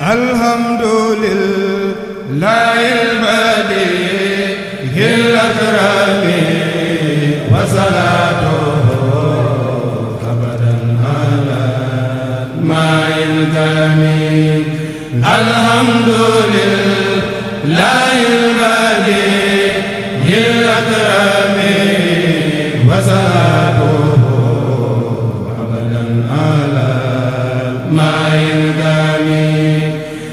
الحمد لله البديع الأكرم وصلاته أبدا على ما ينتمي الحمد لله البديع الأكرم وصلاته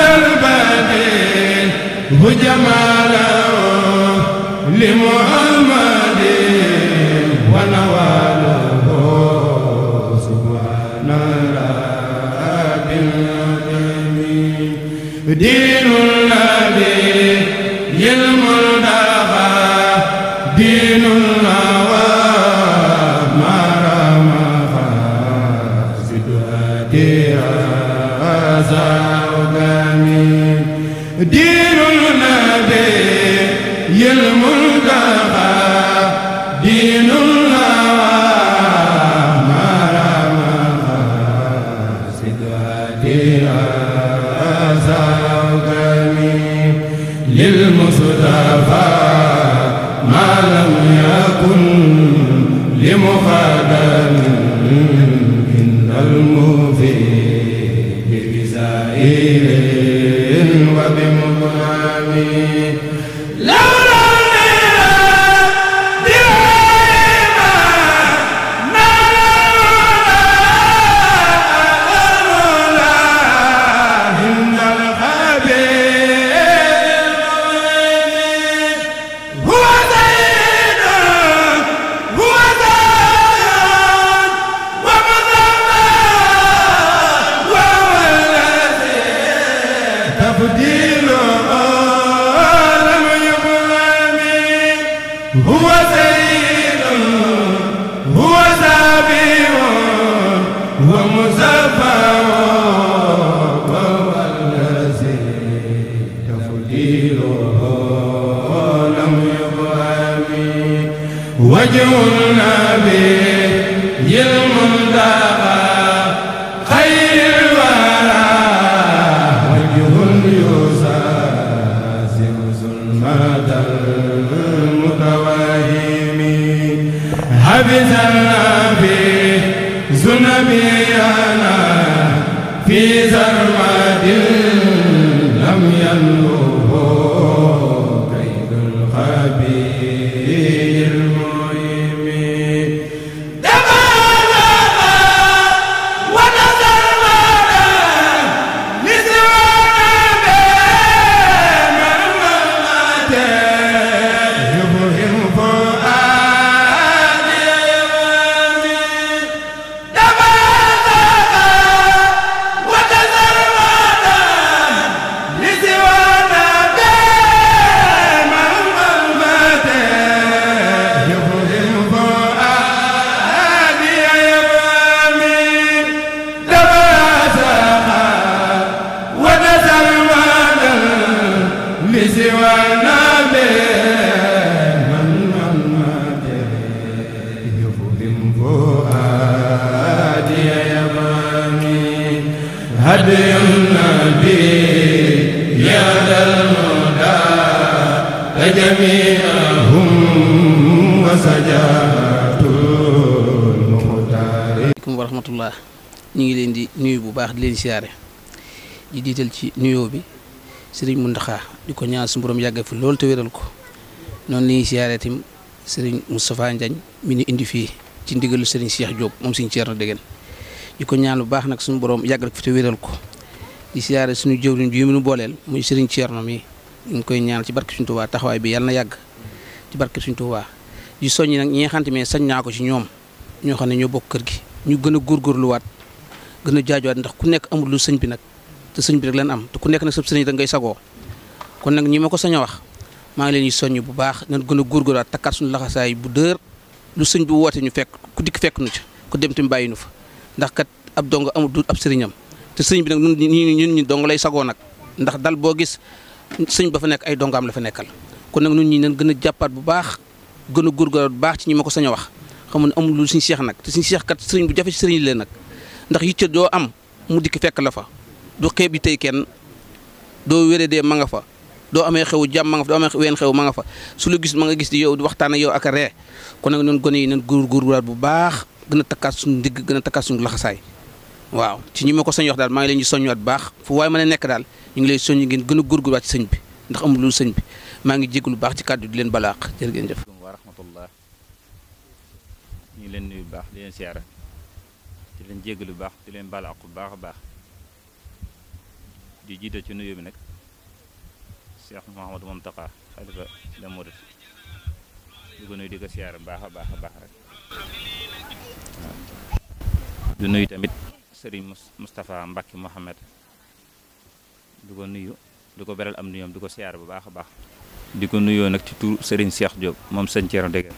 البديل وجماله لمحمد ونواله سبحان رب العالمين دين النبي يلمدها دين النبي بها زوجني للمصطفى ما لم يكن لمقدم إن المفيد بزائر وبمقام لولا وجه النبي للمنتقى خير الورى وجه يساسم ظلمة المتوهم حبس النار wa rahmatullah ñu ngi leen di nuyu bu baax di leen siyaare di diital ci nuyoo bi mu Muntaxa di ko ñaar su borom yàgg fi loolu te wéral ko noonu la ñuy siyaare tim sëriñ Moustapha Ndiagne mi indi fii ci ndigalu sëriñ Cheikh Diop moom suñu ceerno dégg ngeen di ko ñaan lu baax nag suñu boroom yàggal ko fi te wéral ko di siyaare suñu jëwriñ ji mu booleel muy Serigne Thierno mi ñu koy ñaan ci barke suñu Tuubaa taxawaay bi yàlla na yàgg ci barke suñu Tuubaa di soññi nag ñi nga xamante ne sañ naa ko ci ñoom ñoo xam ne ñoo bokk kër gi ñu gën a góorgóorluwaat gën a jaajuwaat ndax ku nekk amul lu sëñ bi nag te sëñ bi rek leen am te ku nekk nag sëb sëñ da ngay sagoo kon nag ñii ma ko sañ a wax maa ngi leen di soñ bu baax nañ gën a góorgóorluwaat takkaat suñu laxasaay bu dër lu sëñ bi woote ñu fekk ku dikk fekk nu ci ku dem tamit bàyyi nu fa ndax kat ab dong amul du ab sëriñam te sëriñ bi nag ñun ñun ñu dong lay sagoo nag ndax dal boo gis sëñ ba fa nekk ay dongaam la fa nekkal kon nag ñun ñi nañ gën a jàppaat bu baax gën a góorgóorlu bu baax ci ñi ma ko sañ wax xam ne amul lu suñu seex nag te suñu kat sëriñ bu jafe si sëriñ nag ndax yitte doo am mu dikk fekk la fa du xeeb yi tey kenn doo wéree dee ma nga fa doo amee xew jàmm nga doo amee ween xew ma nga fa su la gis ma nga gis yow di waxtaan ak yow ak kon nag ñun gone yi nañ góorgóorluwaat bu baax gëna a takkaat suñu ndigg gën a takkaat suñu laxasaay waaw ci ñi mako sañ wax dal ma ngi leen di wat baax fu way ma a nekk dal ñu ngi lay soññ ngeen gën gor góorgóorluwaat ci señ bi ndax amul lu señ bi ma ngi jégg lu baax ci kàddu di leen balax jërë ngeen jëf wa rahmatullah ñu ngi leen nuyu baax di leen siyaara di leen jégg lu baax di leen balax bu baax baax di jité ci nuyu bi nak Cheikh mohammed Mountakha xalifa la murit di ko di ko siyaara baax a baax baax rek du nuyu tamit sëriñ Serigne mustafa Mbacke Mohamed du ko nuyu du ko beral am nuyoom du ko siyaar bu baax a baax. di ko nuyoo nag ci tur Serigne Cheikh Diop moom sëñ Thierno Degger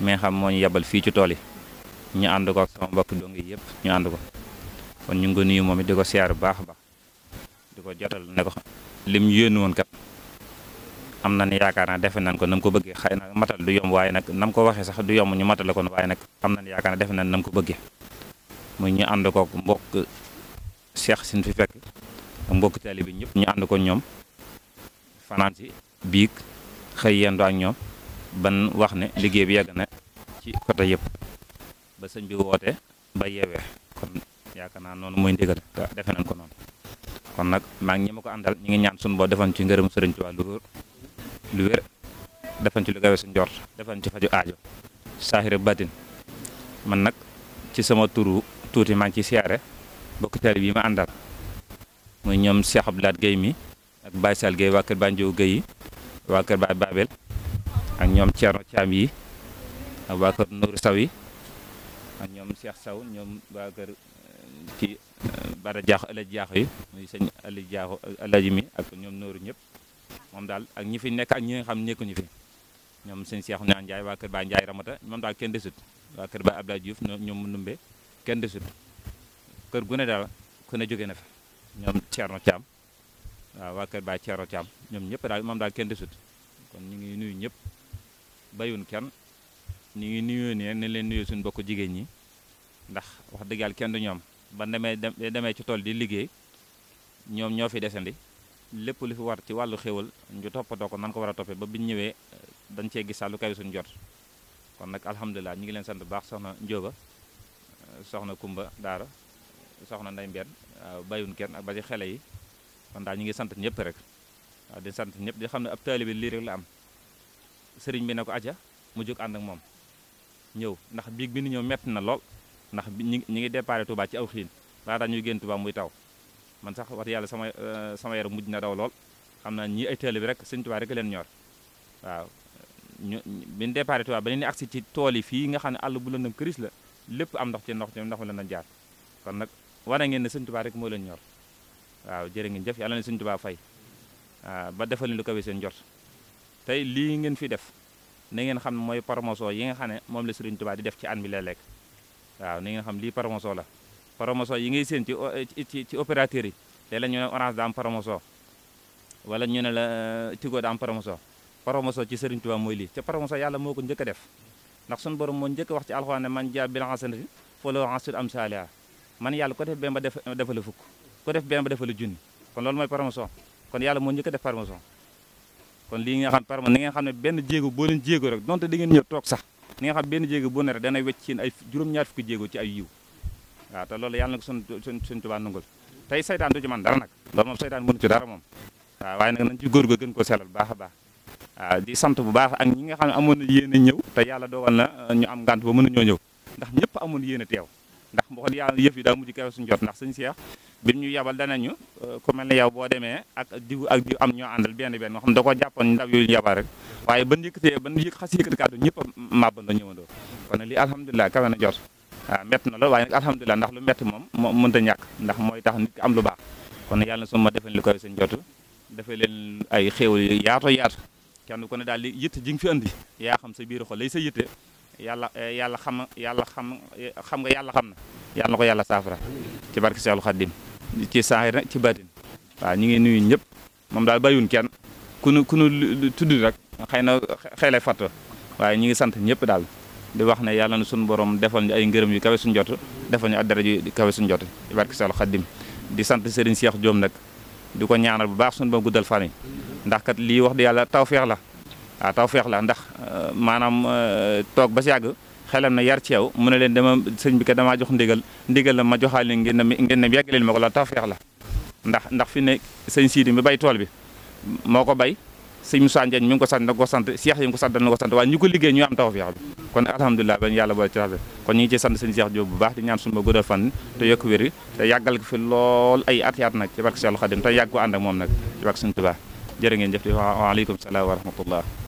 mais xam moo ñu yabal fii ci tool yi ñu ànd ko ak sama yëpp ñu ko kon ñu ngi ko nuyu moom it di ko siyaar bu baax a baax di ko jotal ne ko lim yónni woon kat am nañ yaakaar na defe nañ ko nam ko bëggee xëy na matal du yomb waaye nag nam ko ko waaye nag ñu ànd ko mbokk seex sin fi fekk mbokk taalibe bi ñëpp ñu ànd ko ñoom si biig xëy yendu ak ñoom ban wax ne liggéey bi yegg na ci côté yëpp ba sëñ bi woote ba yeewee kon yaakaar naa noonu mooy ndigal defe nañ ko noonu kon nag maa ngi ma ko àndal ñu ngi ñaan suñu defan ci ngërëm sëriñ Tuubaa lu wóor lu wér defan ci lu gawe suñ njort defan ci faju aajo saahira batin man nag ci sama turu tuuti maa ngi ci siyaare bokk taali bi ma àndal muy ñoom Cheikh Abdoulaye Guèye mi ak Baye Sall Guèye waa kër Baye Ndiow Guèye yi waa kër Baye Babel ak ñoom Thierno Thiam yi ak waa kër Nourou Saw yi ak ñoom Cheikh Saw ñoom waa kër ci euh, bara jaaxu Alaaji Jaaxu yi muy sëñ Alaaji Jaaxu Alaaji mi ak ñoom Nourou ñëpp moom daal ak ñi fi nekk ak ñi nga xam nekkuñu fi ñoom sëñ Seexu Ñaan Njaay waa kër Ba Njaay Ramata moom daal kenn desut waa kër Ba Abdoulaye Diouf ñoom numbe kenn desut kër gu ne daal ku ne jóge na fa ñoom Thierno Thiam waaw waa kër Ba Thierno Thiam ñoom ñëpp daal moom daal kenn desut kon ñu ngi nuyu ñëpp bayun kenn ñu ngi nuyoo ne ne leen nuyoo suñu bokk jigéen ñi ndax wax dëgg yàlla kenn du ñoom ba demee demee ci tool di liggéey ñoom ñoo fi desandi lépp lu fi war ci wàllu xéwal ñu toppatoo ko nan ko war a toppee ba biñ ñëwee dañ cee gisaa kay kayi suñ jot kon nag alhamdulilah ñu ngi leen sant bu baax soxna Njóoba soxna Kumba Daara soxna Nday Mbeen waaw bàyyiwun kenn ak ba ci xele yi kon daal ñu ngi sant ñëpp rek waaw di sant ñëpp di xam ne ab taalibe lii rek la am sëriñ bi ne ko aja mu jóg ànd ak moom ñëw ndax biig bi nu ñëw mett na lool ndax ñu ngi déparé Touba ci aw xiin daa ñuy génn Touba muy taw man sax wax yàlla sama euh, sama yaram mujj na daw lool xam naa ñii ay teel bi rek sëñ Tuubaa rek leen ñor waaw ñu biñ déparé Tuubaa ba ni agsi ci tool yi fii nga xam ne àll bu lëndëm këris la lépp am ndox ci ndox ci ndox mi la jaar kon nag wane ngeen ne sëñ Tuubaa rek moo leen ñor waaw jërë ngeen jëf yàlla na sëñ Tuubaa fay ba defal lu kawe seen jot tey lii ngeen fi def na ngeen xam mooy parmoso yi nga xam ne moom la sëriñ Tuubaa di def ci an bi la lekk waaw na ngeen xam lii promotion la promotion yi ngay seen eh, ci ci ci opérateur yi léeg-léeg ñu ne orange da am promotion wala ñu ne la eh, tigo da am promotion promotion ci Serigne Touba mooy lii te promotion yàlla moo ko njëkk a def ndax sun borom moo njëkk wax ci alxuraan ne man jaa bil hasanati falahu am amsaalihaa man yàlla ko def bemba def la fukk ko def bemba ba la junni kon loolu mooy promotion kon yàlla moo njëkk a def promotion kon lii nga xam parma ni nga xam ne benn jéego boo leen jéego rek donte di ngeen ñëw toog sax ni nga xam benn jéego boo ne rek dana wecc ci ay juróom-ñaar fukki jéego ci ay yiw waa ah, te loolu yàlla na ko sun suñ suñ tubaa nangul tey saytaan du ci man dara nag loolu moom saytaan mënu ci dara moom waaw ah, waaye nag nañ ci góor ga gën ko selal baax a baax waaw ah, di sant bu baax a ñi nga xam ne amoon na yéene ñëw te yàlla dogal na ñu am ngànt ba mënuñoo ñëw ndax ñëpp amoon yéene teew ndax mboxoon yàlla yëf yi daa mujj kawe suñu jot ndax suñ seex bi ñu yabal danañu ku mel ne yow boo demee ak diw ak diw am ñoo àndal benn benn nga xam da ko jàppoon ndaw yu ñu yabal rek waaye ban yëkkatee ban yëg xas yëkkati kàddu ñëpp a màbbandoo ñëwandoo kon nag lii alhamdulilah kawe na jot waaw ah, métti na lool waaye nag alhamdulilah ndax lu métti moom moo mënta ñàkk ndax mooy tax nit am lu baax kon yàlla na su ma defal li koy seen jotu defee leen ay xéewal yu yaato yaatu kenn ku ne daal li yitte ji nga fi andi yaa xam sa biir xol lay sa yitte yàlla eh, yàlla xam yàlla xam xam nga yàlla xam na yàlla na ko yàlla saafara ci barke Seexul Xaddim ci saahir nag ci baatin waaw ñu ngi nuyu ñëpp moom daal bàyyiwun kenn ku nu ku tudd rek xëy na xëy lay fàttoo waaye ñu ngi sant ñëpp daal di wax ne yàlla na suñu boroom defal ñu ay ngërëm yu kawe suñu jot defal ñu addara yu kawe suñu jot di barke Sall Xaddim di sant Serigne Cheikh Diom nag di ko ñaanal bu baax suñu ba guddal fan yi ndax kat lii wax di yàlla tawfeex la waaw ah, tawfeex la ndax euh, maanaam euh, toog ba si yàgg xelam na yar ci yow mu ne leen dama sëñ bi kat damaa jox ndigal ndigal la ma joxaale ngeen ngeen ne yàgg leen ma ko la tawfeex la ndax ndax fi ne sëñ Sidi mi bay tool bi moo ko bay sëñ Moussa Ndiagne mi ngi ko sant na ko sant Cheikh yi ngi ko sant waaye ñu ko liggéey ñu am tawfeex bi kon alhamdulilah ben yàlla boo ci wax bi kon ci sant sëñ Cheikh Diop bu baax di ñaan suñu ba guddal fan te yokk wéri te yàggal ko fi lool ay at yaat nag ci barke Seexul Xadim te yàgg ko ànd ak moom nag ci barke Sëñ Tuubaa jërë ngeen jëf di waaleykum salaam wa